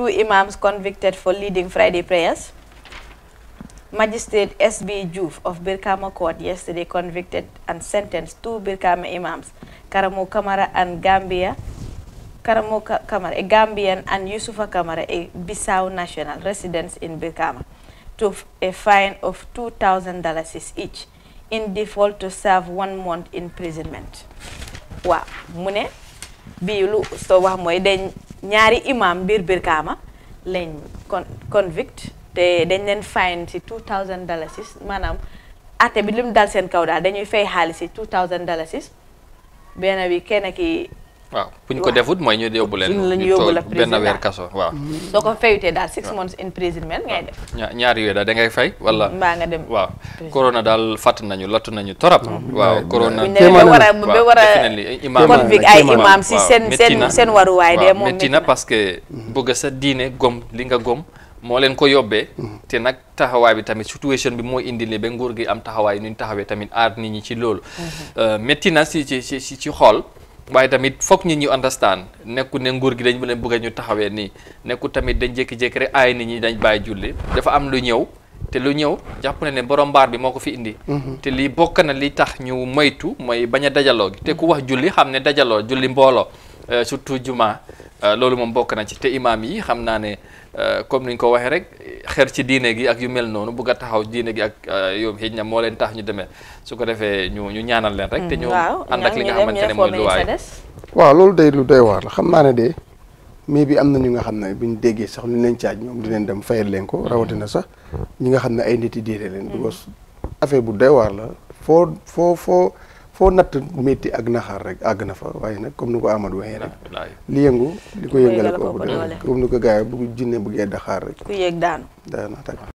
two imams convicted for leading Friday prayers. Magistrate S.B. Juf of Birkama Court yesterday convicted and sentenced two Birkama imams, Karamo Kamara and Gambia, eh, and Yusufa Kamara, a Bissau national resident in Birkama, to a fine of $2,000 each, in default to serve one month imprisonment. Wow, mune, bilu, so wa ñaari imam biir Brikama lañ con convict te dañ leen fine si 2000 dalasis maanaam atte bi lim dal seen kaw daal dañuy fay xaalis si 2000 dalasis benn bi kenn ki waaw bu ñu ko defut mooy ñu yóbbu leen. ñu leen yóbbu waaw. six months in imprisonment ngay def. ñaar ñaar yooyu da ngay fay wala. mbaa nga dem waaw. corona dal fàtt nañu latu nañu torop. Mm-hmm. waaw corona. téeméer na ay si sen sen seen waruwaay de moom métti na parce que mm-hmm. bëgg sa diine gom li nga gom. moo leen ko mm-hmm. bi tamit situation bi moo indi li nguur gi am taxawaay ñu taxawee tamit aar nit ñi ci euh, na si ci ci ci waaye tamit foog nit ñi understand nekku ne nguur gi dañ mën a bëgg ñu taxawee nii nekku tamit dañ jékki-jékki rek aay nit ñi dañ bàyyi julli dafa am lu ñëw te lu ñëw jàpp na ne borom mbaar bi moo ko fi indi mhm. te lii bokk na li tax ñu moytu mooy bañ a dajaloo gi te ku wax julli xam ne dajaloo julli mbooloo Euh, surtout juma euh, loolu moom mbokk na ci te imaam yi xam naa ne euh, comme ni ñu ko waxee rek xer ci diine gi ak yu mel noonu bugg a taxaw diine gi ak yoom xëy na moo leen tax ñu demee su ko defee ñu ñu ñaanal leen rek. te ñoom mm, ànd ak li nga xamante ne mooy luwaay waaw loolu day lu doy waar la ne de mais bi am na ñu nga xam ne buñ déggee sax lu leen caaj ñoom dinañ dem fayal leen ko rawatina sax ñi nga xam ne ay nit yi diine leen. parce mm. que affaire bu doy waar la foo foo foo. foo natt métti ak xaar rek àgg na fa waaye a comme ni ko Amadou waxee rek li yëngu li ko yëngale ko ëpp doole comme ni ko gars yi bu jinne bëggee daxaar rek ku yéeg a daanu